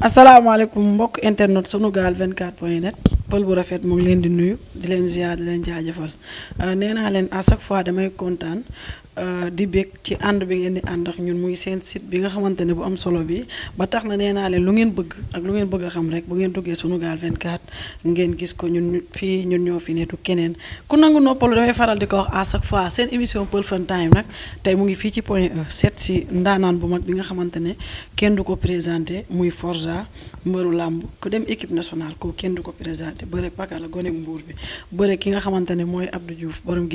asalaamaaleykum mbokk internet sunugal 24 point net pël bu rafet mu ngi leen di nuyu di leen ziar di leen jaajëfal euh, nee naa leen à chaque fois damay kontaan Euh, di bég ci ànd bi ngeen di ànd ak ñun muy seen site bi nga xamante ne bu am solo bi ba tax na nee naa leen lu ngeen bëgg ak lu ngeen bëgg a xam rek bu ngeen duggee Sunugal 24 ngeen gis ko ñun fii ñun ñoo fi ne du keneen ku nangu noppalu damay faral di ko wax à chaque fois seen émission Peul Fun Time nag tey mu ngi fii ci point E seet si ndaanaan bu mag bi nga xamante ne kenn du ko présenté muy Forza mbëru làmb ku dem équipe nationale ko kenn du ko présenté bëre paka gone mbuur bi bëre ki nga xamante ne mooy Abdou Diouf borom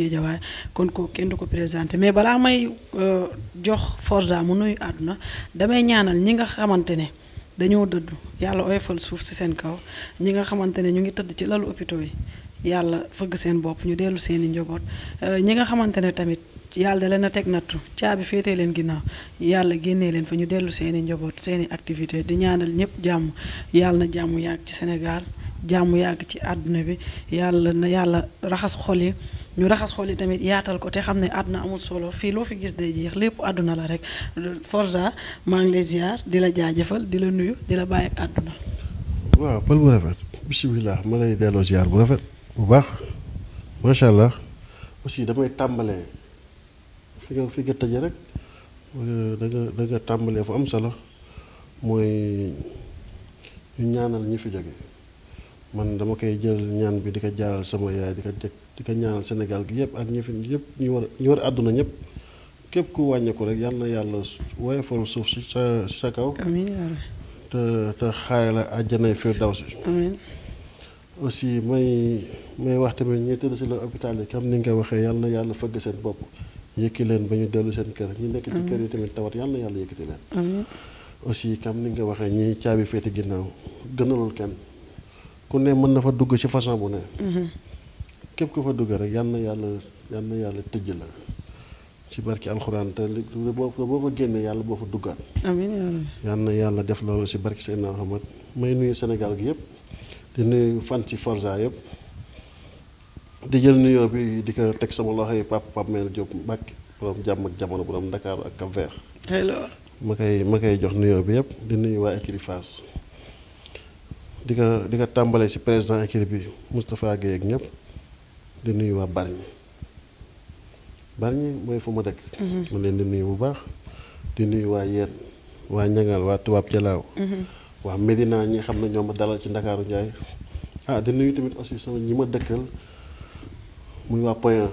kon ko du ko présenté balaa may euh, jox forsa mu nuyu àdduna damay ñaanal ñi nga xamante ne dañoo dëddu yàlla oyofal suuf si seen kaw ñi nga xamante ne ñu ngi tëdd ci lalu hôpitaux yi yàlla fëgg seen bopp ñu dellu seeni njaboot euh, ñi nga xamante ne tamit yàlla leen a teg nattu caabi féetee leen ginnaaw yàlla génnee leen fa ñu dellu seeni njaboot seeni activité di ñaanal ñëpp jàmm yàlla na jàmm yàgg ci Sénégal jàmm yàgg ci àdduna bi yàlla na yàlla raxas xol yi ñu raxas xool yi tamit yaatal ko te xam ne àdduna amul solo fii loo fi gis day jeex lépp àdduna la rek Forza maa ngi lay ziar di la jaajëfal di la nuyu di la bàyyi ak àdduna. waaw pël bu rafet bisimilah ma lay delloo ziar bu rafet bu baax macha allah aussi damay tàmbalee fi nga fi nga tëjee rek da nga da nga tàmbalee fu am solo mooy ñu ñaanal ñi fi jóge man dama koy jël ñaan bi di ko jaaral sama yaay di ko teg. di ko ñaanal Sénégal gi yëpp ak ñi fi yëpp ñu war ñu war képp ku wàññeeku rek yal na yàlla woyofal suuf si sa sa kaw. te xaare la àjjanay firdawsi aussi may may wax tamit ñi tëdd si la hôpital yi comme ni nga waxee yal na yàlla fëgg seen bopp yëkki leen ñu dellu seen kër ñi nekk ci kër yi tamit tawat yal na yàlla yëkkati leen aussi comme ni nga waxee ñi caabi féete ginnaaw gënalul kenn ku ne mën na fa dugg ci façon bu ne képp ko fa dugg rek yal na yàlla yàlla tëj la ci barki alxuraan te boo fa génnee yàlla boo fa duggaat. amiin yàlla def loolu ci barki Seydina Muhammad may nuyu Sénégal gi yëpp di nuyu fan ci Forza yëpp di jël nuyoo bi di ko teg sama loxo yi Pape Pape Mel Diop Mbacke borom jàmm ak jamono borom Dakar ak Cap ma koy ma koy jox nuyoo bi yëpp di nuyu waa écurie Fass di ko di ko tàmbalee ci président écurie bi Moustapha Guèye ak ñëpp. di nuyu waa Bargny Bargny mooy fu ma dëkk mhm. ma leen di nuyu bu baax di nuyu waa Yeen waa Ñangal waa Tubaab Jalaaw mhm. waa Medina ñi xam ne ñoo ma dalal ci Ndakaaru Njaay ah di nuyu tamit aussi sama ñi ma dëkkal muy waa Point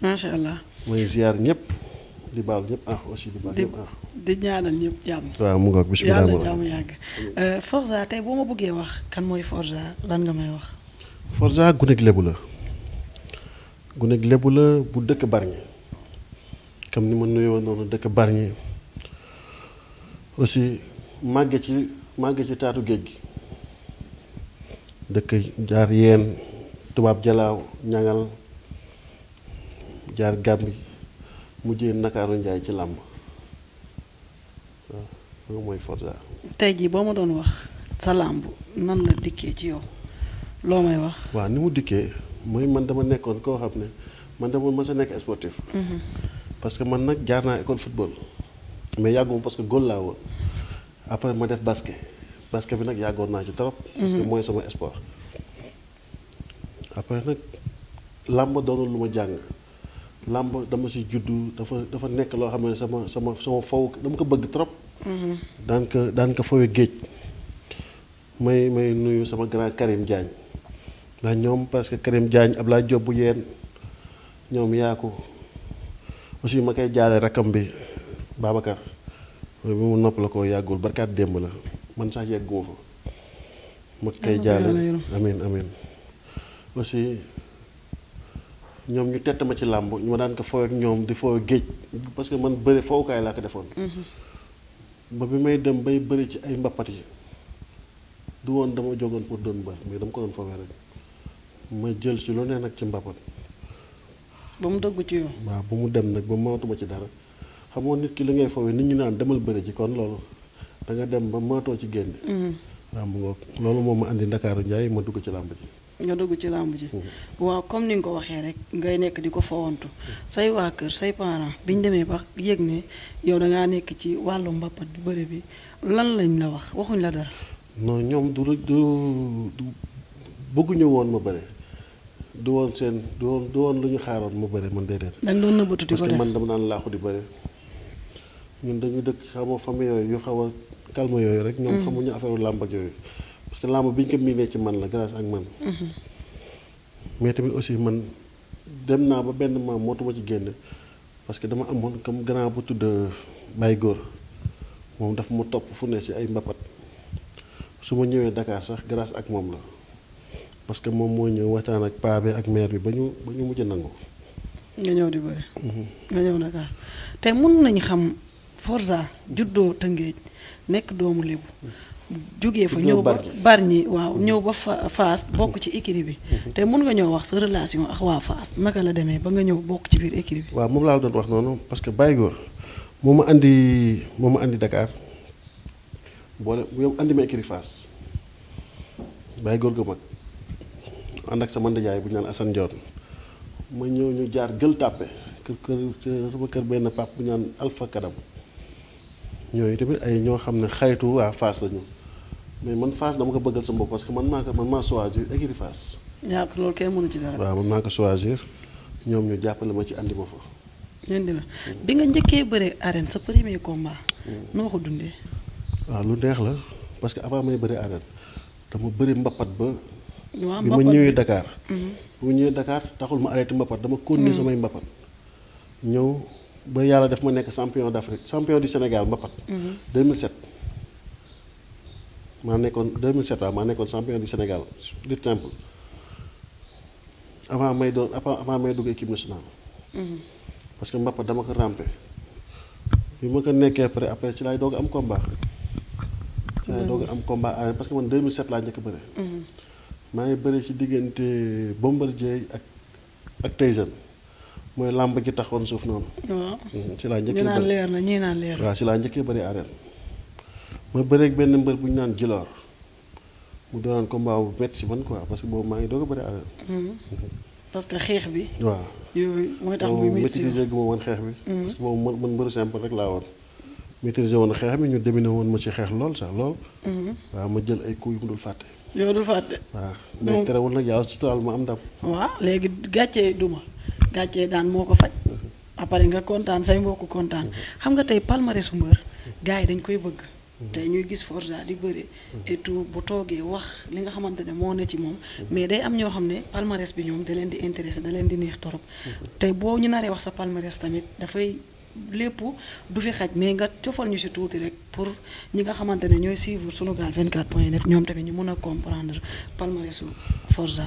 macha allah mooy ziar ñëpp di baal ñëpp ah, ah. di ñaanal ñëpp jàmm. waaw mu ngoog bisimilah yàlla jàmm yàgg. Euh, Forza tey boo ma bëggee wax kan mooy Forza lan nga may wax. Forza gune lébu la. gu lépp la bu dëkk Bargny comme ni ma nuyoo noonu dëkk Bargny aussi màgge ci màgge ci taatu géej gi dëkk jaar yeen tubaab jalaaw ñangal jaar gàmbi mujjee ndakaaru njaay ci làmb waaw loolu mooy Forza tey jii boo ma doon wax sa làmb nan la dikkee ci yow loo may wax waaw ni mu dikkee mooy man dama nekkoon koo xam ne man dama mës a nekk sportif. parce que man nag jaar naa école football. mais yàgguma parce que góol laa woon après ma def basket basket bi nag yàggoon naa ci trop. parce mooy sama sport. après nag làmb doonul lu ma jàng làmb dama si juddu dafa dafa nekk loo xam ne sama sama sama fow dama ko bëgg trop. Mhm. daan ko daan ko fowee géej. may may nuyu sama grand Karim Diagne. ndax ñoom parce que Karim Diagne Abdoulaye Diop bu yeen ñoom yaaku aussi ma kay jaale rakkam bi Babacar bi mu nopp la ko yàggul barkaat démb la man sax yegguma fa ma koy jaale amin amin aussi ñoom ñu tett ma ci làmb ñu ma daan ko fooy ak ñoom di fooy géej parce man bëri fowukaay laa ko defoon mhm. ba bi may dem bay bëri ci ay mbappat yi du woon dama jógoon pour doon mbër mais dama ko doon foowee rek ma jël si lu nee nag ci mbapat ba mu dëgg ci yow. waaw bu mu dem nag ba mootuma ci dara xamoo nit ki li ngay foowee nit ñi naan demal bëri ji kon loolu da nga dem ba mootoo ci génn. Mm-hmm. làmb ngoog loolu moom ma andi ndakaaru njaay ma dugg ci làmb nga dugg ci làmb ji. Mm-hmm. waaw comme ni nga ko waxee rek ngay nekk di ko fawantu mm-hmm. say waa kër say parents bi ñu demee ba yéeg ne yow da nekk ci wàllu mbappat bi bëri bi lan lañ la wax waxuñ la dara. non ñoom du du bëgguñu woon ma bare du woon seen du woon du woon lu ñu xaaroon mu bare man déedéet. dañ doon nëbbatu man dama naan laaxu di bëri. ñun dañu dëkk xamoo famille yooyu yu xaw a yooyu rek. ñoom mm-hmm. xamuñu affaire làmb ak yooyu. parce que bi ñu ko miinee ci man la grâce ak man. Mm-hmm. mais tamit aussi man dem naa ba benn moo mootuma ci génn parce que dama amoon comme grand bu tudd euh, Baye Góor moom daf ma topp fu ne ci ay mbapat su ma ñëwee ndakaar sax grâce ak moom la. parce que moom moo ñëw waxtaan ak paa bi ak maire bi ba ñu ba ñu mujj nangu. nga ñëw di bëri. Mhm. nga ñëw nag ah. tey mën nañu xam forsa juddoo Tëngéej nekk doomu Lébu. jógee fa ñëw ba ñi waaw mhm. ñëw ba Faas bokk ci écurie bi. Mhm. te mën nga ñëw wax sa relation ak waa Faas naka la demee ba nga ñëw bokk ci biir écurie bi. waaw moom laa doon wax noonu parce que Baye Góor moo ma andi moo ma andi Dakar boole yow andi ma écurie Faas Baye Góor ga mag. ànd ak sama ndijaay bu ñu naan Assane ma ñëw ñu jaar Gueule Tapée kër kër sama kër benn pap bu ñu Alpha Kadam ñooyu tamit ay ñoo xam ne xaritu waa Fass lañu mais man Fass dama ko bëggal sama bopp parce que man maa ko man maa choisir écurie Fass. ñaar loolu kenn mënu ci dara. waaw man maa ko choisir ñoom ñu jàppale ma ci andi ma fa. ñoom bi nga njëkkee bëre arène sa premier combat. Hmm. noo ko dundee. waaw lu neex la parce que avant may bëre arène dama bëri mbapat ba. bi ma ñëwee dakaar mm-hmm. bi ma ñëwee Dakar taxul ma arrêté mbapat dama continuer samay mm-hmm. mbapat. ñëw ba yàlla def ma nekk champion d' Afrique champion du Sénégal mbapat. 2007 mm-hmm. maa nekkoon 2007 waaw maa nekkoon champion du Sénégal lutte simple avant may doon avant may dugg équipe nationale. parce que dama ko rampé. bi ma ko nekkee pare après ci laay doog am combat. ci laay doog am combat arène parce que man 2007 laa njëkk bëre. maa ngi bëri ci diggante Bombardier ak ak Tyson mooy làmb ji taxoon suuf noonu. Mm-hmm. ci laa njëkkee bëri leer na ñii naan leer waaw ci laa njëkkee bëri arène. ma bëreeg benn mbër bu ñu naan Djilor mu doonaan combat bu métti ci man quoi parce que boobu maa ngi doog a bëri arène. Mm-hmm. Mm-hmm. parce que xeex bi. waaw yooyu mooy tax muy métti maîtriser gu ma woon xeex bi. parce que boobu man man mbëru simple rek laa woon. maîtriser woon xeex mi ñu demine woon ma ci xeex lool sax lool. Mhm. waaw ma jël ay coups yu mu dul fàtte. yoo dul fàtte. waaw mais terewul nag yàlla suturaal ma am ndam. waaw léegi gàccee duma gàccee daan moo ko faj. Mhm. après nga kontaan say mbokk kontaan mhm. xam nga tey palmarèsu mbër gars yi dañ koy bëgg. tey ñuy gis Forza di bëre. et tout bu toogee wax li nga xamante ne moo ne ci moom. mais day am ñoo xam ne palmarès bi ñoom da leen di intéressé da leen di neex torop. tey boo ñu naree wax sa palmarès tamit dafay. lépp du fi xaj mais nga cofal ñu si tuuti rek pour ñi nga xamante ne ñooy suivre Sunugal 24 point net ñoom tamit ñu mën a comprendre palmarèsu Forza.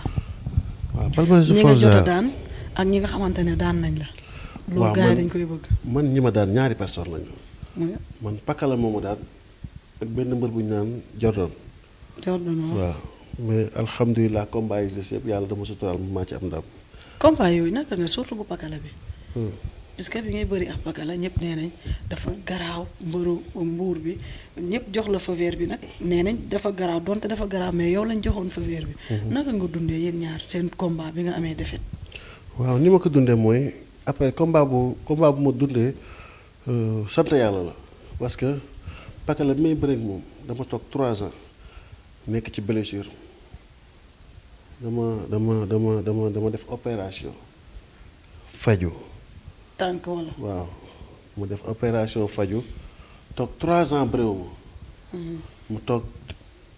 waaw palmarèsu Forza ñi nga daan ak ñi nga xamante ne daan nañ la. waaw man dañ koy bëgg. man ñi ma daan ñaari personne lañu. man pakala moomu daan ak benn mbër bu ñu naan Jordan. Jordan waaw. mais alhamdulilah combat yi des yëpp yàlla dama suturaal ma ci am ndam. combat yooyu naka nga surtout bu pakala bi. Hmm. puisque bi ngay bëri ak bagala ñëpp nee nañ dafa garaaw mbëru mbuur bi ñëpp jox la fa weer bi nag nee nañ dafa garaaw donte dafa garaaw mais yow lañ joxoon fa weer bi. Mhm. naka nga dundee yéen ñaar seen combat bi nga amee défaite. waaw ni ma ko dundee mooy après combat bu combat bu ma dundee euh, sant yàlla la parce que bagala may bëri moom dama toog trois ans nekk ci blessure dama dama dama dama dama def opération faju tànk waaw mu def opération faju toog trois ans bréw ma mm-hmm. mu toog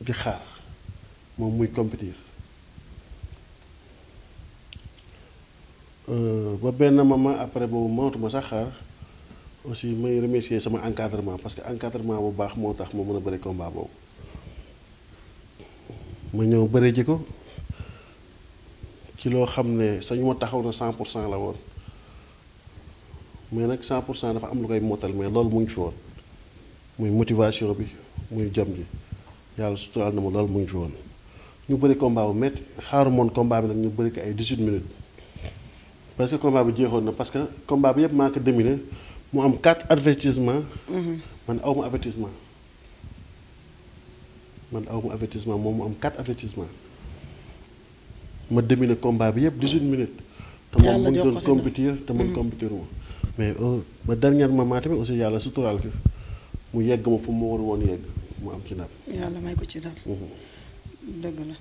di xaar moom muy compétir euh, ba benn moment après boobu mootuma sax xaar aussi may remercier sama encadrement parce que encadrement bu baax moo tax ma mën a bëri combat boobu ma ñëw bëri ji ko ci loo xam ne sañu ma taxaw na cent pour cent la woon mais nag 100 pour cent dafa am lu koy motal mais loolu mu ngi fi woon muy motivation bi muy jom ji yàlla suturaal na mu loolu mu ngi fi woon ñu bëri combat bu métti xaaru moon combat bi nag ñu bëri ko ay 18 que combat bi jeexoon na parce que combat bi yëpp maa ko dominé mu am 4 mhm. avertissement man aw ma man aw ma avertissement moom mu am 4 avertissement ma dominé combat bi yëpp 18 minutes te moom mu doon compétir te man mhm. compétir ma mais ba euh, dernier moment tamit aussi yàlla suturaal ki mu yegg ma fu mu war woon yegg mu am ci ndam. yàlla may ko ci ndam. Mhm. dëgg la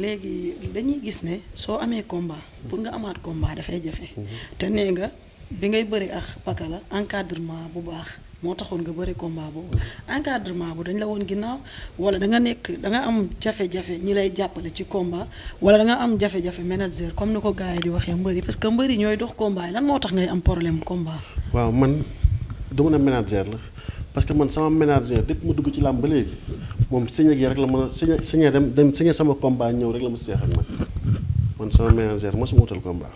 léegi dañuy gis ne soo amee combat pour nga amaat komba dafay jafe. Mhm. te nee nga bi ngay bëri ak pakala encadrement bu baax. moo taxoon nga bëri combat boobu encadrement bu dañ la woon ginnaaw wala da nga nekk da nga am jafe-jafe ñi lay jàppale ci combat wala da am jafe-jafe comme ni ko gars yi waxee mbëri parce que mbëri ñooy dox combat yi lan tax ngay am problème combat. waaw man du mën a la parce que man sama manager depuis ma dugg ci làmb ba léegi moom signé gi rek la mën a signé signé dem dem sama combat ñëw rek la ma seex ak man man sama manager mosuma wutal combat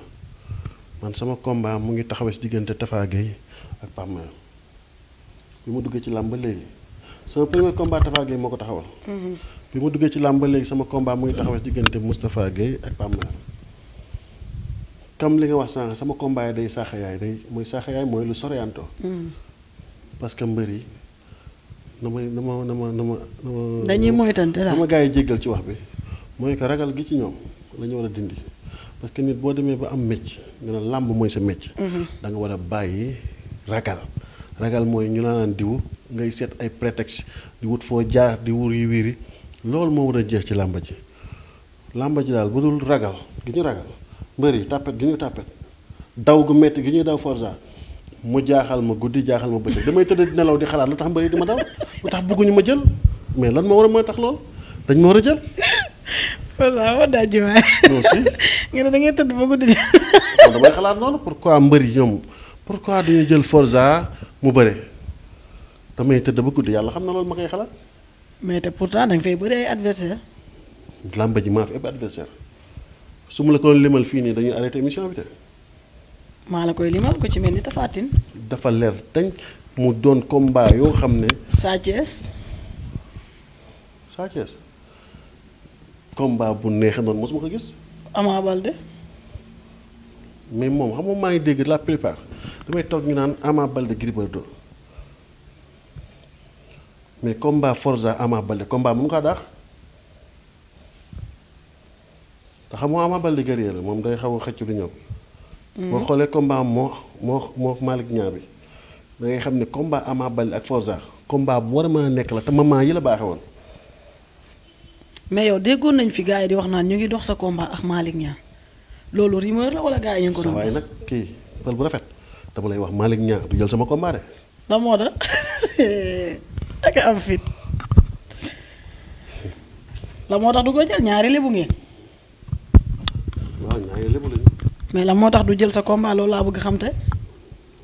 man sama combat mu ngi taxawee si diggante Tafa Gueye ak Pape Mayone bi mu duggee ci làmb ba léegi sama premier combat Tapha Gueye moo ko taxawal. bi mu duggee ci làmb ba léegi sama combat mu ngi taxawal diggante Moustapha Gueye li nga wax sànq sama combat yi day saaxa yaay day mooy saaxa yaay mooy lu sorianto. parce que mbër yi na ma na ma na ma na ma. dañuy moytante daal ma gaa yi jéggal ci wax bi mooy que ragal gi ci ñoom la ñu war a dindi parce que nit boo demee ba am métier nga ne làmb mooy sa métier. Mm-hmm. da nga war a bàyyi ragal. ragal mooy ñu la naan diw ngay seet ay prétexte di wut foo jaar di wur yi wiiri loolu moo war a jeex ci làmba ji làmba ji daal bu dul ragal gi ñu ragal mbër yi tàppet gi ñu tàppet daw gu metti gi ñuy daw forza mu jaaxal ma guddi jaaxal ma bëccëg damay tëdd di nelaw di xalaat lu tax mbër yi di ma daw lu ma jël mais lan ma war mooy tax lool dañ ma war a jël voilà wax daa jiwaay nga ne da ngay tëdd ba guddi damay xalaat loolu pourquoi mbër yi ñoom pourquoi duñu jël forza mu bëre damay tëdd ba guddi yàlla xam na loolu ma koy xalaat. mais te pourtant dañ fa fay bëri ay adversaire làmba maa fi ëpp adversaire su ma la ko limal fii nii dañuy arrêté émission bi te. maa la koy limal ko ci mel ni Tapha Tine. dafa leer dañ mu doon combat yoo xam ne. Sa Thiès. Sa Thiès combat bu neexee noonu mosuma ko gis. Ama Baldé. mais moom xam maa ngi dégg la plupart damay toog ñu naan Ama Baldé Gris Bordeaux mais combat Forza Ama Baldé combat moom kaa daax te xam nga Ama Baldé la moom day xaw a xëcc lu ñëw. Mm-hmm. boo xoolee combat moo moo moo Malick Niang bi da ngay xam ne combat Ama Baldé ak Forza combat bu war a mën a nekk la te moment yi la baaxe woon. mais yow déggoon nañ fi gars yi di wax naan ñu ngi dox sa combat ak Malick Niang. loolu rumeur la wala gars yi ñu ngi ko. waaye nag kii xel bu rafet dama lay wax Malick Niang du jël sama combat de. la moo da moo tax du ko jël ñaari lebu ngeen. waaw ñaari mais lan moo tax du jël sa combat loolu laa bëgg xam te.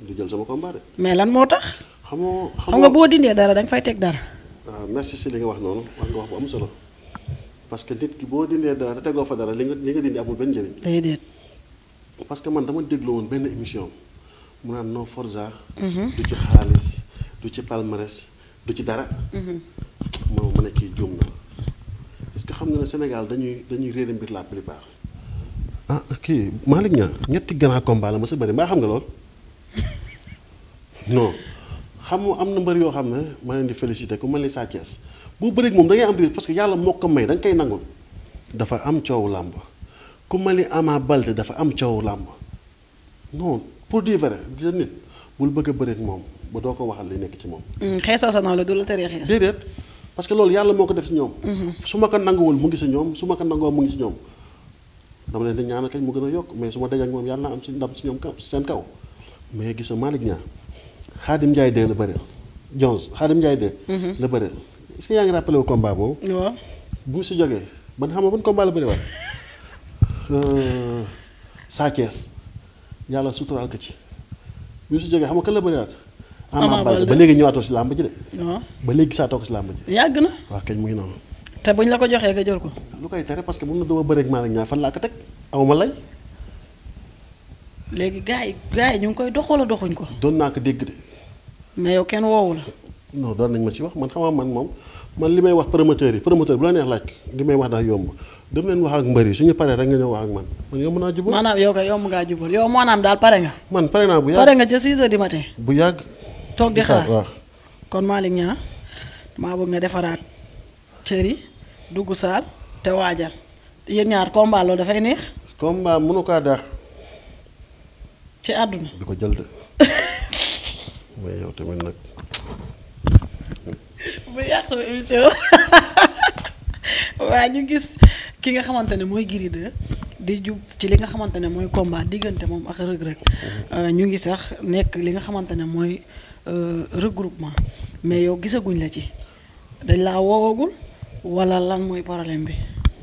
du jël sama combat de. mais lan moo tax. xam nga boo dindee dara da fay teg dara. waaw ah, merci si li wax noonu wax nga wax bu am solo. parce que nit ki boo dindee dara te tegoo fa dara li nga li nga dindi amul benn njëriñ. déedéet. parce que man dama déglu woon benn émission mu naan non Forza. Mhm. du ci xaalis du ci palmarès du ci dara. moom mu ne kii juum na est que xam nga ne Sénégal dañuy dañuy réer mbir la plupart. ah kii Malick Niang ñetti grand combat ma sa bëri mbaa xam nga lool non xam am na mbër yoo xam ne ma leen di félicité ku mel ni Sa Thiès boo bëreeg moom da am réer parce que yàlla moo ko may da nangul dafa am coow làmb ku mali Ama Baldé dafa am coow làmb non pour dire vrai nit bul bëgg a moom ba doo ko waxal li nekk ci moom. Mm, xeesa sa naa la du la teree xees. déedéet parce loolu yàlla moo ko def si mm-hmm. ñoom. su ma ko nanguwul mu ngi si su ma ko nangoo mu ngi si ñoom dama leen di ñaanal kañ mu gën a yokk mais su ma dajee ak moom yàlla am si ndam si ñoom kaw seen kaw mais gis nga Malick Niang Xaadim Ndiaye de la bëreel Jones Xaadim Ndiaye de. est-ce que yaa ngi rappelé wu combat boobu. waaw bu si jógee man xam nga ban combat la bëri waat. Euh, Sa Thiès yàlla suturaal ko ci bu si jógee xam nga kan la bëri waat. Ama Baldé ba léegi ñëwaatoo si làmb ji de. ba léegi gisaatoo ko si làmb ji. yàgg na waaw kañ mu ngi noonu. te buñ la ko joxee nga jël ko. lu koy tere parce que mu na doo bëreeg maa ngi ñaar fan laa ko teg amuma lay. léegi gars yi gars yi ñu ngi koy dox wala doxuñ ko. doon naa ko dégg de. mais yow kenn woowu la. no doon nañ ma si wax man xam man moom man li may wax promoteur yi promoteur bu la neex laaj li may wax daa yomb dem leen wax ak mbër yi suñu paree rek nga ñëw wax ak man man yomb naa jubal. maanaam yow kay yomb ngaa jubal yow maanaam daal pare nga. man pare naa bu yàgg pare nga ca 6 heures bu yàgg. toog di xaar kon Malick Niang maa bëgg nga defaraat cër yi saal te waajal yéen ñaar combat loolu dafay neex. combat mënu kaa daax. ci àdduna. di ko jël de. mais yow tamit nag. bu yàq sama émission waa ñu gis ki nga xamante ne mooy Gris di jub ci li nga xamante ne mooy combat diggante moom ak Reug rek euh, ñu ngi sax nekk li nga xamante ne mooy euh, regroupement mais yow gisaguñ la ci dañ laa woowagul wala lan mooy problème bi.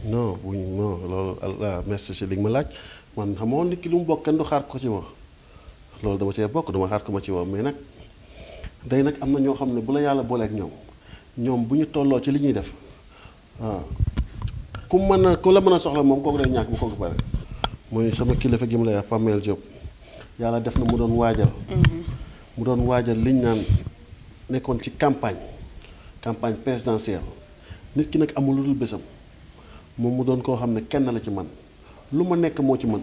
non loolu allah merci si li ma laaj man xamoo nit ki lu mu bokk kenn du xaar ko ci woo loolu dama cee bokk dama xaar ko ma ci woo mais nag day nag am na ñoo xam ne bu la yàlla booleeg ñoom. ñoom bu ñu tolloo ci li ñuy def waaw ku mën a ku la mën a soxla moom kooku day ñàkk bu kooku pare mooy sama kilifa gi mu lay wax Pamel Diop yàlla def na mu doon waajal mm-hmm. mu doon waajal liñ naan nekkoon ci campagne campagne présidentielle nit ki nag amul lu dul bésam moom mu doon koo xam ne kenn la ci man lu ma nekk moo ci man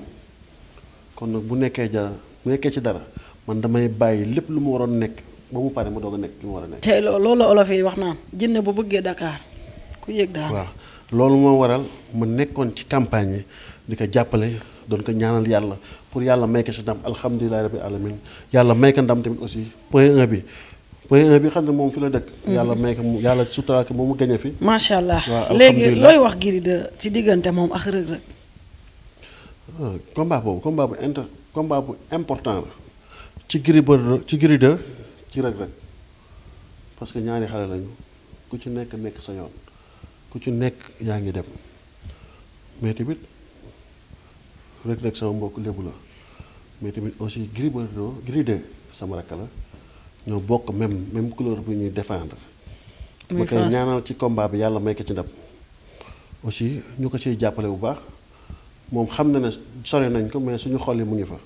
kon nag bu nekkee ja bu nekkee ci dara man damay bàyyi lépp lu ma waroon nekk ba mu pare mu doog a nekk ki mu war a nekk. tey loolu la olof wax naa jinne bu bëggee Dakar ku yéeg daal. waaw loolu moo waral mu nekkoon ci campagne yi di ko jàppale doon ko ñaanal yàlla pour yàlla may ko si ndam alhamdulilah rabbil alamin yàlla may ko ndam tamit aussi point bi. point bi xam ne moom fi la dëkk. Mm-hmm. yàlla may ko mu yàlla suturaal ko mu gañe fi. macha allah léegi looy wax Gris 2 ci diggante moom ak Reug Reug. Ah, combat boobu combat bu inter combat bu important la ci Gris ci Gris ci Reug Reug parce que ñaari xale lañu ku ci nekk nekk sa yoon ku ci nekk yaa ngi dem mais tamit Reug Reug sama mbokk lébu la mais tamit aussi Gris Bordeaux Gris 2 sama rakk la ñoo bokk même même couleur bu ñuy défendre. ma koy ñaanal ci combat bi yàlla may ko ci ndam. aussi ñu ko ciy jàppale bu baax moom xam na ne sori nañ ko mais suñu xol mu ngi fa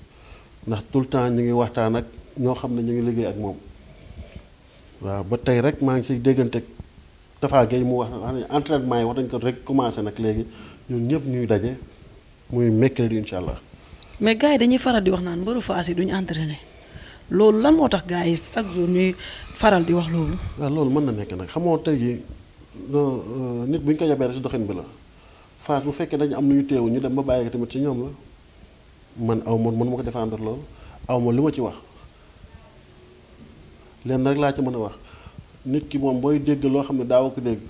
ndax tout le temps ñu ngi waxtaan ak ñoo xam ne ñu ngi liggéey ak moom. waaw ba tey rek maa ngi ciy déggante dafaa géej mu wax na ne entraînement yi war nañ ko rek commencé nag léegi ñun ñëpp ñuy daje muy mercredi incha allah. mais gars yi dañuy faral di wax naan mbëru Fass yi duñu entraîné loolu lan moo tax gaa yi chaque jour ñuy faral di wax loolu. waaw loolu mën na nekk nag xamoo tey jii euh, nit bu ñu ko yabee rek si doxin bi la faas bu fekkee dañu am nu ñu teewu ñu dem ba bàyyi ko tamit ci ñoom la man aw ma man ma ko défendre loolu aw ma lu ma ci wax. lenn rek laa ci mën a wax nit ki moom booy dégg loo xam ne daaw ko dégg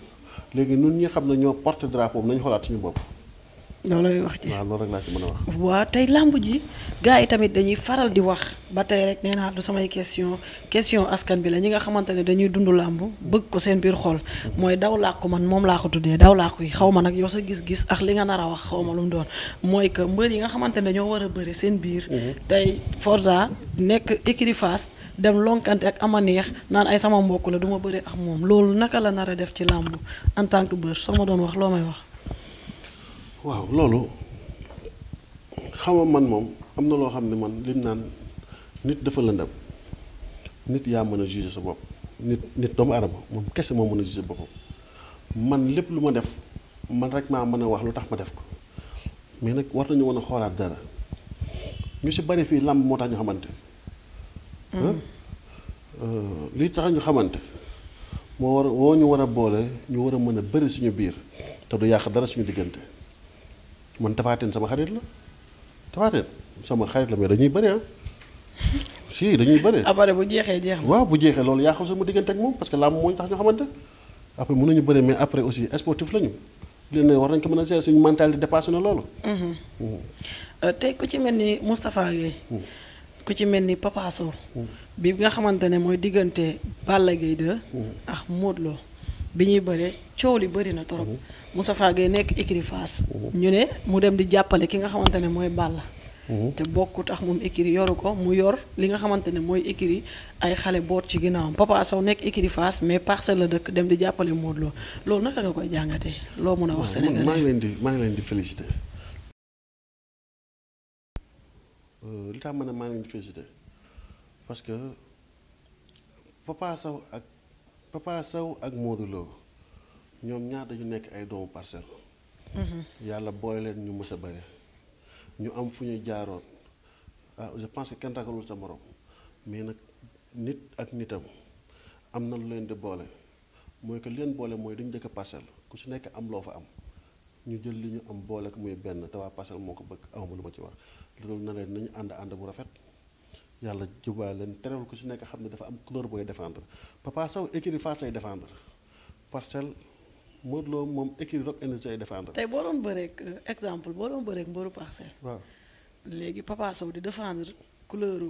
léegi nun ñi xam ne ñoo porte drapeau nañu xoolaat suñu bopp. loolu lay wax ji waaw loolu rek laa ci mën a wax. waaw tey làmb ji gars yi tamit dañuy faral di wax ba tey rek nee naa du samay question question askan bi la ñi nga xamante ne dañuy dund làmb bëgg ko seen biir xol mooy daw làkku man moom laa ko tuddee daw làkku yi xaw ma nag yow sa gis-gis ak li nga nar a wax xaw ma lu mu doon mooy que mbër yi nga xamante ne dañoo war a bëri seen biir. Mhm. tey Forza nekk écurie Fass dem lonkante ak ama neex naan ay sama mbokk la du ma bëri ak moom loolu naka la nar def ci làmb en tant que mbër ma doon wax loo may wax. waaw loolu xama man moom am na loo xam ne man lim naan nit dafa lëndam nit yaa mën a juger sa bopp nit nit doomu aadama moom kese moo mën a juger boppam man lépp lu ma def man rek maa mën a wax lu tax ma def ko mais nag war nañu mën a xoolaat dara ñu si bari fii làmb moo tax ñu xamante hmm. euh, li tax ñu xamante moo war woo ñu war a boole ñu war a mën a bëri suñu biir te du yàq dara suñu diggante man tafaatin sama xarit la tafaatin sama xarit la mais dañuy bëri ah. si dañuy bëri. après bu jeexee jeex waaw bu jeexee loolu yaa xam sama diggante ak moom parce que làmb moo ñu tax ñu xamante après mën nañu bëri mais après aussi sportif lañu li ne war nañ ko mën a gérer suñu mentalité dépassé na loolu. Mhm. Mm. Euh, tey ku ci mel ni Moustapha Gueye. Mm. ku ci mel ni Papa mm. bi nga xamante ne mooy diggante Balla a 2. ak Modou Lo bi ñuy bëree coow li bëri na torop mm-hmm. Moustapha Gueye nekk écurie Fass ñu ne mu dem di jàppale ki nga xamante ne mooy Balla te bokkut tax moom écurie yoru ko mu yor li nga xamante ne mooy écurie ay xale boot ci ginnaawam Papa Sow nekk écurie Fass mais parcelle la dëkk dem di jàppale Modou loolu naka nga koy jàngatee loo mën wax Sénégal maa ngi leen di maa ngi leen di euh, parce que Papa Sow ak Papa ñoom ñaar dañu nekk ay doomu parcelle. yàlla boole leen ñu mës a bëre ñu am fu ñu jaaroon ah je pense que kenn ragalul sa morom mais nag nit ak nitam am na lu leen di boole mooy que leen boole mooy dañu dëkk parcelle ku si nekk am loo fa am ñu jël li ñu am boole ko muy benn te waa parcelle moo ko bëgg awma lu ma ci war loolu na leen nañu ànd ànd bu rafet yàlla jubaale leen terewul ku si nekk xam ne dafa am couleur booy défendre Papa Sow écurie Fass ay défendre Modou Lo moom écurie Rock Énergie ay défendre. tey boo doon bëree euh, exemple boo doon bëree mbëru parcelle. waaw léegi Papa Sow di défendre couleur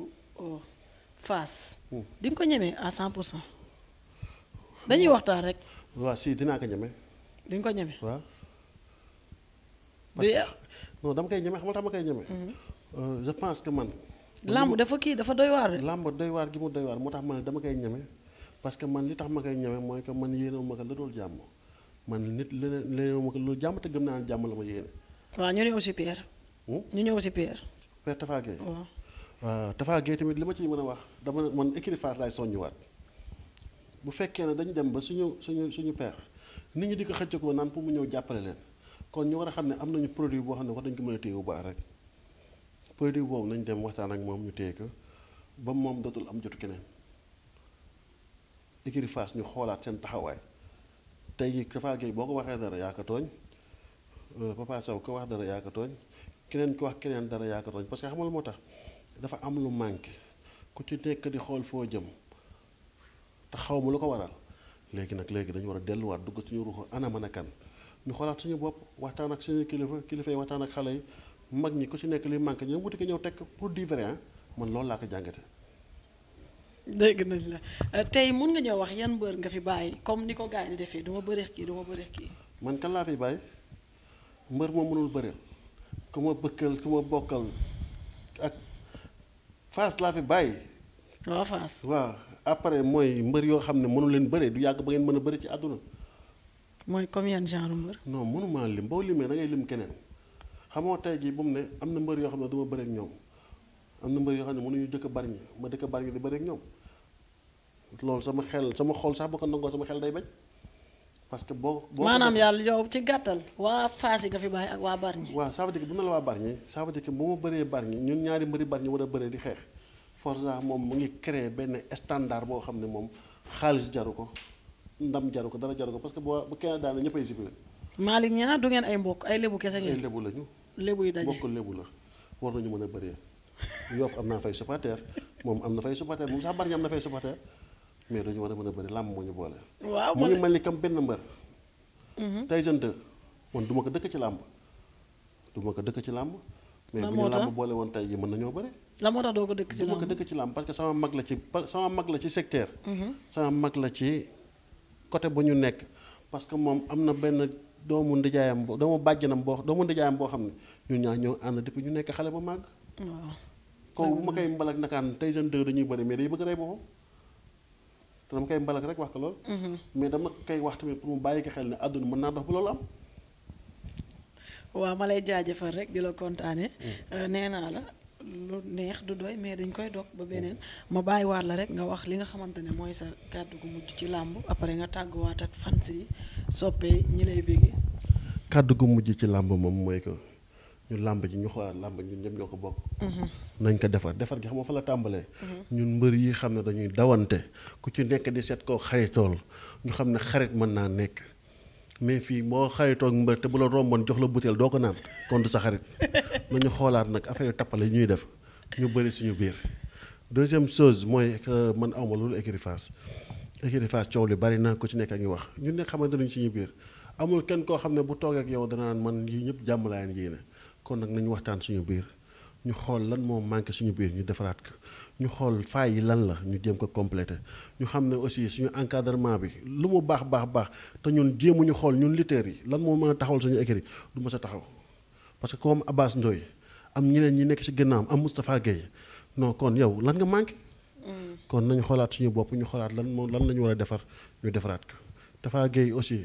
euh, face. Hmm. di ko ñemee à 100 pour cent dañuy waxtaan rek. waaw si dinaa ko ñeme. di ko ñeme. waaw parce que non dama koy ñeme xam nga dama koy ñeme. Hmm. Euh, je pense que man. làmb dafa kii dafa doy waar rek. làmb doy waar gi mu doy waar moo tax ma ne dama koy ñeme parce que man li tax ma koy ñeme mooy que man yéene ma ko la dool jàmm. man nit leneen leneen ma ko lu jàmm te gëm naa ne jàmm la ma yéene. waaw ñu ñëw aussi Pierre. ñu ñëw aussi Pierre. Pierre Tafa Gueye. waaw waaw Tafa tamit li ma ciy mën a wax dama man écurie Fass laay soññiwaat bu fekkee ne dañ dem ba suñu suñu suñu père nit ñu di ko xëcc naan pour mu ñëw jàppale leen kon ñu war a xam ne am nañu produit boo xam ne wax dañ ko mën a téye bu baax boobu nañ dem waxtaan ak moom ñu téye ko ba moom dootul am jotu keneen écurie ñu xoolaat seen taxawaay. tey jii Tafa boo ko waxee dara yaa ko tooñ euh, Papa Sow ko wax dara yaa keneen ko wax keneen dara yaa ko tooñ parce que xamal moo tax dafa am lu manqué ku ci nekk di xool foo jëm te xaw ma lu ko waral léegi nag léegi dañu war a delluwaat dugg suñu ruux ana nekkan ñu xoolaat suñu bopp waxtaan ak suñu kilifa kilifa yi waxtaan ak xale yi mag ñi ku ci nekk li manqué ñoom wuti ko ñëw tekk pour différent ah, mën loolu laa ko jàngate léegi nañ la euh, tey mun nga ñoo wax yan mbër nga fi bàyyi comme ni ko gars yi di defee du ma bëreex kii du ma bëreex kii. man kan laa fi bàyyi mbër moo mënul bëreel ku ma bëkkal ku ma bokkal ak Fass laa fi bàyyi. waaw Fass waaw après mooy mbër yoo xam ne mënu leen bëre du yàgg ba ngeen mën a bëri ci àdduna. mooy comme yan genre mbër. non mënuma lim boo limee da ngay lim keneen xamoo tey jii bu mu ne am na mbër yoo xam ne du ma bëri ak ñoom am na mbër yoo xam ne mënuñu dëkk bari ñi ma dëkk bari ñi di bëri ak loolu sama xel sama xol sax bu ko nangoo sama xel day bañ parce que boo. boo maanaam yàlla yow ci gàttal waa Fass yi nga waa Bargny. waaw ça veut la waa Bargny ça veut dire que bu ma bëree Bargny ñun ñaari war a bëree di xeex Forza moom mu ngi créer benn standard boo xam ne moom xaalis jaru ko ndam jaru ko dara jaru ko parce que bu bu kenn daanee ñëppay jubilé. Malick ñaa du ngeen ay mbokk ay lébu kese ngeen. ay lébu lañu. lébu yi daje mbokk lébu la war nañu mën a bëree Yoff am naa fay supporter moom am na fay supporter moom sax Bargny am na fay supporter mais dañu war a mën a bëri làmb moo ñu boole. waaw mu ngi mel ni kam benn mbër. Mhm. Tyson 2 man du ko dëkk ci làmb du ma ko dëkk ci làmb. mais bu ñu làmb boole woon tey ji na nañoo bëri. la moo tax doo ko dëkk ci làmb du ma ko dëkk ci làmb parce que sama mag la ci sama mag la ci secteur. Mhm. sama mag la ci côté bu ñu nekk. parce que moom am na benn doomu ndijaayam boo doomu bàjjanam boo doomu ndijaayam boo xam ne ñun ñaa ñoo ànd depuis ñu nekk xale ba màgg. waaw bu ma koy mbal ak nakaan Tyson 2 dañuy bëri mais day te dama koy mbalak rek wax ko lool. Mhm. mais dama kay wax tamit pour mu bàyyi ko xel ne àdduna mën naa dox bu loolu am. waaw ma lay jaajëfal rek di la kontaane. Mm. Euh, nee naa la lu neex du doy mais dañ koy dog ba beneen ma bàyyi bàyyiwaat la rek nga wax li nga xamante ne mooy sa kàddu gu mujj ci làmb après nga tàgguwaat ak fans si soppee ñi lay béggee. kàddu gu mujj ci làmb moom mooy ko. ñu làmb ji ñu xoolaat làmb ñun ñëpp ñoo ko bokk. Mhm. nañ ko defar defar gi xam nga fa la tàmbalee. Mhm. ñun mbër yi xam ne dañuy dawante ku ci nekk di seet koo xaritool ñu xam ne xarit mën naa nekk mais fii boo xaritoog mbër te bu la romboon jox la butéel doo ko naan kon du sa xarit nañu xoolaat nag affaire yu tappale ñuy def ñu bëri suñu biir. deuxième chose mooy man awma loolu écurie Fass écurie coow li bari na ku ci nekk a ngi wax ñu nekk xamante nañu suñu biir amul kenn koo xam ne bu toog yow danaan man yii ñëpp jàmm laa leen kon nag nañu waxtaan suñu biir ñu xool lan moom manqué suñu biir ñu defaraat ko ñu xool faay yi lan la ñu jéem ko complété ñu xam ne aussi suñu encadrement bi lu mu baax baax baax te ñun jéemuñu xool ñun lutteurs yi lan moo mën a taxawal suñu écurie du mës a taxaw parce que comme Abbas Ndoye am ñeneen ñi nekk ci ginnaaw am Moustapha Guèye non kon yow lan nga manqué. Mm. kon nañu xoolaat suñu bopp ñu xoolaat lan moom lan la ñu war a defar ñu defaraat ko Tafa Guèye aussi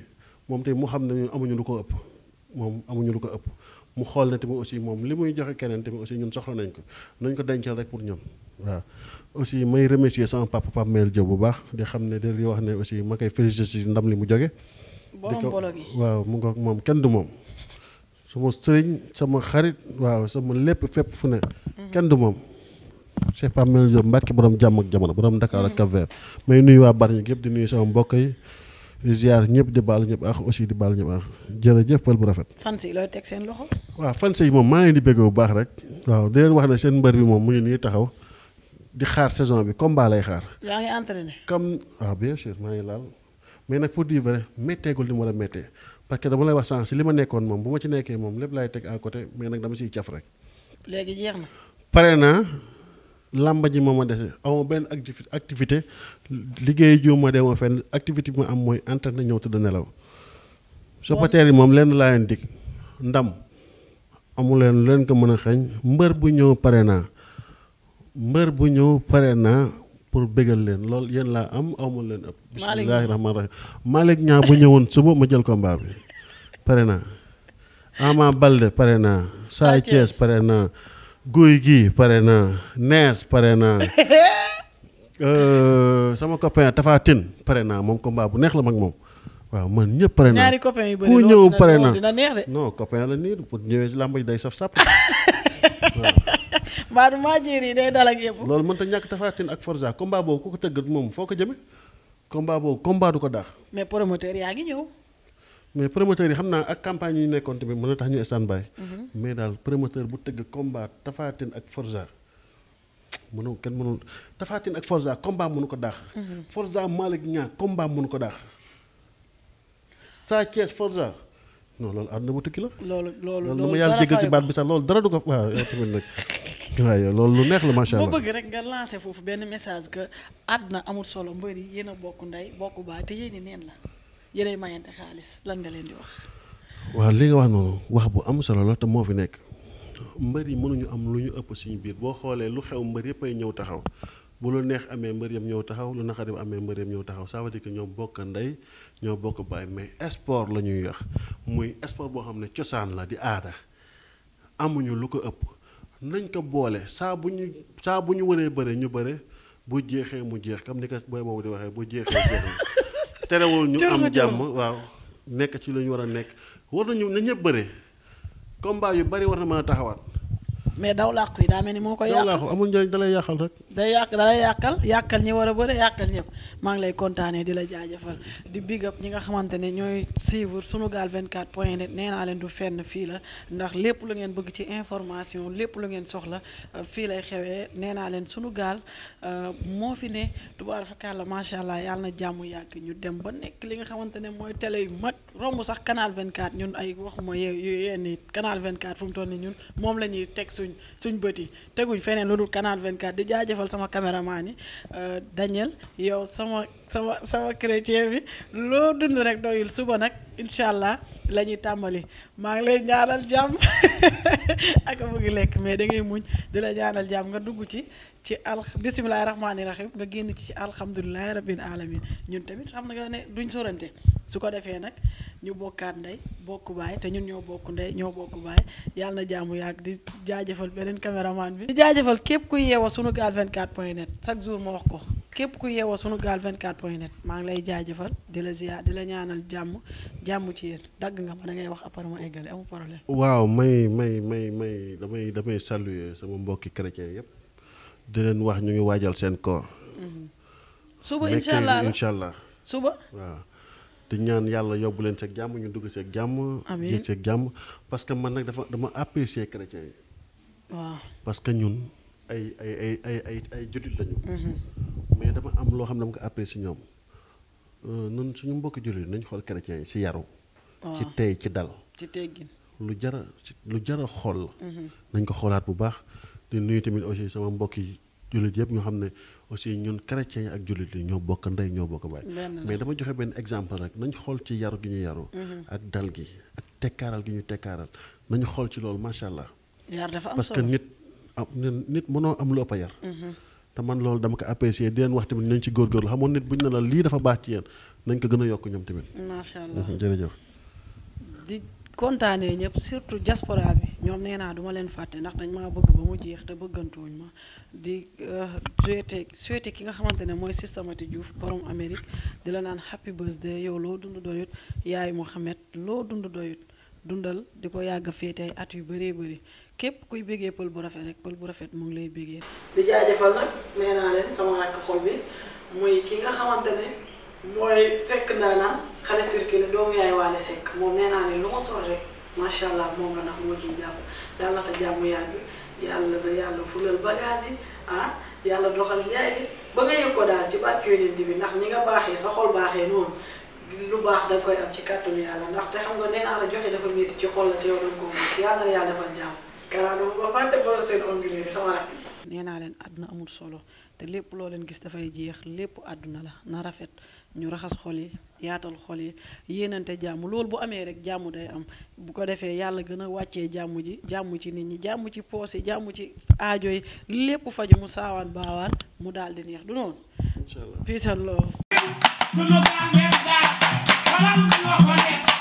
moom tey mu xam ne amuñu lu ko ëpp moom amuñu lu ko ëpp. mu xool na tamit aussi moom li muy joxe keneen tamit aussi ñun soxla nañ ko nañ ko dencal rek pour ñoom waaw aussi may remercier sama papa Pape Mel bu baax di xam ne di wax ne aussi ma koy féliciter si li mu jóge di ko waaw mu moom kenn du moom sama sëriñ sama xarit waaw sama lépp fépp fu ne mm-hmm. kenn du moom Cheikh Pape Mel Diop Mbacke borom jàmm ak jamono borom Dakar ak mm-hmm. Cap Vert may nuyu waa Bargny yëpp di nuyu sama mbokk yi ziar ñëpp di baal ñëpp ak aussi di baal ñëpp ak jërëjëf pël bu rafet. fan looy teg seen loxo. waaw fan si moom maa ngi di bëgg bu baax rek. waaw di leen wax ne seen mbër bi moom mu ngi nii taxaw di xaar saison bi comme combat lay xaar. yaa ngi entraîné. comme waaw maa ngi laal mais nag pour dire vrai métteegul li mu war a méttee parce que dama lay wax sànq si li ma nekkoon moom bu ma ci nekkee moom lépp laay teg à côté mais nag dama siy caf rek. léegi pare naa làmba ji moo ma dese amoo benn activité liggéey jiw ma demoo fenn activité bi ma am mooy entraîné ñëw tëdd nelaw supporters yi moom lenn laa leen dig ndam amu leen ko mën a xañ mbër bu ñëw pare naa mbër bu ñëw pare naa pour bëggal leen lool yéen laa am amu leen ëpp bismillaahi rahmaani rahiim Malick ñaa bu ñëwoon suba ma jël combat bi pare naa Ama Balde pare naa Sa Thiès pare naa guy gi pare na nees pare na euh, sama copain Tapha Tine pare na moom combat bu neex la mag moom waaw man ñëpp pare na ñaari copain yu bëri ku ñëw pare na dina neex de non copain la nii pour ñëwee ci day saf sàpp mbaa du maa jéer yi day dal ak yëpp loolu mën ta ñàkk Tapha Tine ak Forza combat boobu ku ko tëggat moom foo ko jëme combat boobu combat du ko daax mais promoteur yaa ngi ñëw mais promoteurs yi xam naa ak campagne yu nekkoon tamit mën na tax ñu stand by mhm. mais daal promoteur bu tëgg combat Tapha Tine ak Forza mënu kenn mënul Tapha ak Forza combat mënu ko daax mhm. Forza Malick Niang combat mënu ko daax Sa Thiès Forza non loolu àdduna bu tukki la. loolu loolu loolu ma yàlla jégal baat bi sax loolu dara du ko waaw loolu lu neex la macha allah. boo bëgg rek nga lancé foofu benn message que àdduna amul solo mbër yi a bokk ndey bokk baay yéenay mayante xaalis lan nga leen di wax. waaw li nga wax noonu wax bu am solo la te moo fi nekk mbër yi mënuñu am lu ñu ëpp suñu biir boo xoolee lu xew mbër yëpp ay ñëw taxaw bu lu neex amee mbër yëpp ñëw taxaw lu naqari amee mbër yëpp ñëw taxaw ça veut dire que ñoo bokk ndey ñoo bokk baay mais sport la ñuy wax muy sport boo xam ne cosaan la di aada amuñu lu ko ëpp nañ ko boole saa bu ñu saa bu ñu waree bëre ñu bëre bu jeexee mu jeex comme ni ko booy boobu di waxee bu jeexee jeex terewul ñu am jàmm waaw nekk ci lu war a nekk war nañu na ñëpp bëre combat yu bari war na mën a taxawaat mais daw làqu yi daa mel ni moo koy. yàqal daw làqu amul njëriñ da lay rek. day yàq da lay yàqal yàqal ñi war a bëre yàqal ñëpp maa ngi lay kontaanee di la jaajafal di big up ñi nga xamante ne ñooy suivre vingt 24 point net nee naa leen du fenn fii la ndax lépp lu ngeen bëgg ci information lépp lu ngeen soxla euh, fii lay xewee nee naa leen sunugal euh, moo fi ne tubaar fakàlla macha allah yàlla na jàmm yàgg ñu dem ba nekk li nga xamante ne mooy télé yu mag romb sax canal 24 ñun ay waxuma yenn canal 24 fu mu toll nii ñun moom la ñuy teg suñ suñ bët yi teguñ feneen lu dul canal 24 di jaajëfal sama caméraman yi euh, Daniel yow sama sama sama chrétien bi loo dund rek doyul suba nag incha allah la ñuy tàmbali maa ngi lay ñaanal jàmm ak a bëgg lekk mais da ngay muñ di la ñaanal jàmm nga dugg ci ci al bisimilahi rahmaani rahim nga génn ci ci alhamdulilahi rabbil alamin ñun tamit xam nga ne duñ sorante su ko defee nag ñu bokkaat ndey bokk baay te ñun ñoo bokk ndey ñoo bokk baay yàlla na jàmm yàgg di jaajëfal beneen caméraman bi di jaajëfal képp kuy yeewa sunu gaal 24 point net chaque jour ma wax ko képp ku yeewoo sunu gaal 24 point net maa ngi lay jaajëfal di la ziar di la ñaanal jàmm jàmm ci yéen dagg nga ma da ngay wax apparemment eggale amul problème. waaw may may may may damay damay saluer sama mbokki chrétien yëpp di leen wax ñu ngi waajal seen koor. Mm-hmm. suba incha allah incha allah suba waaw. ñaan yàlla yóbbu leen sa jàmm ñu dugg seeg jàmm. amiin seeg jàmm parce que man nag dafa dama apprécier chrétien yi. waaw parce que ñun. ay ay ay ay ay ay jullit lañu. Mm-hmm. mais dama am loo xam ne dama ko apprécié ñoom ñun euh, suñu mbokki jullit nañ xool chrétien yi si yaru. Ah. ci tey ci dal. ci teggin lu jara lu jara xool la. Mm-hmm. nañ ko xoolaat bu baax di nuyu tamit aussi sama mbokki jullit yëpp ñoo xam ne aussi ñun chrétien yi ak jullit yi ñoo bokk ndey ñoo bokk baay. mais dama joxe benn exemple rek nañ xool ci yaru gi ñu yaru. Mm-hmm. ak dal gi ak tekkaaral gi ñu tekkaaral nañu xool ci loolu macha allah. yar nit. am nit mënoo am lu ëpp a yar mhm. te man loolu dama ko apprécier di leen wax tamit nañ ci góorgóorlu xamoon nit bu ñu la lii dafa baax ci yéen nañ ko gën a yokk ñoom tamit macha allah mhm, jërëjëf di kontaanee ñëpp surtout diaspora bi ñoom nee naa duma leen fàtte ndax dañ maa bëgg ba mu jeex te bëggantuwuñ ma di souhaité souhaité ki nga xamante ne mooy systématique Diouf borom Amérique di la naan happy birthday yow loo dund doyut yaay Mohamed loo dund doyut dundal di ko yàgg a féetee at yu bëree bëri képp kuy bëggee pël bu rafet rek pël bu rafet mu ngi lay bëggee. di jaajëfal nag nee naa leen sama rakk xol bi muy ki nga xamante ne mooy Seck Ndanane xale circulé doomu yaay Waly Seck moom nee naa leen lu ma sol rek macha allah moom la ndax moo ciy jàpp daal na sa jàmm yàgg yàlla na yàlla fulal bagage yi ah yàlla doxal njaay bi ba nga yëg ko daal ci barke Yonent bi ndax ñi nga baaxee sa xol baaxee noonu. lu baax da nga koy am ci kàttanu yàlla ndaxte xam nga nee naa la joxe dafa métti ci xol la te yow da na yàlla defal jàmm. gannaaw nee naa leen àdduna amul solo te lépp loo leen gis dafay jeex lépp àdduna la na rafet ñu raxas xol yi yaatal xol yi yéenante jàmm lool bu amee rek jàmm day am bu ko defee yàlla gëna wàcce wàccee jàmm ji jàmm ci nit ñi jàmm ci poos yi jàmm ci aajo yi lépp faj mu saawaan baawaan mu daal di neex du noonu. incha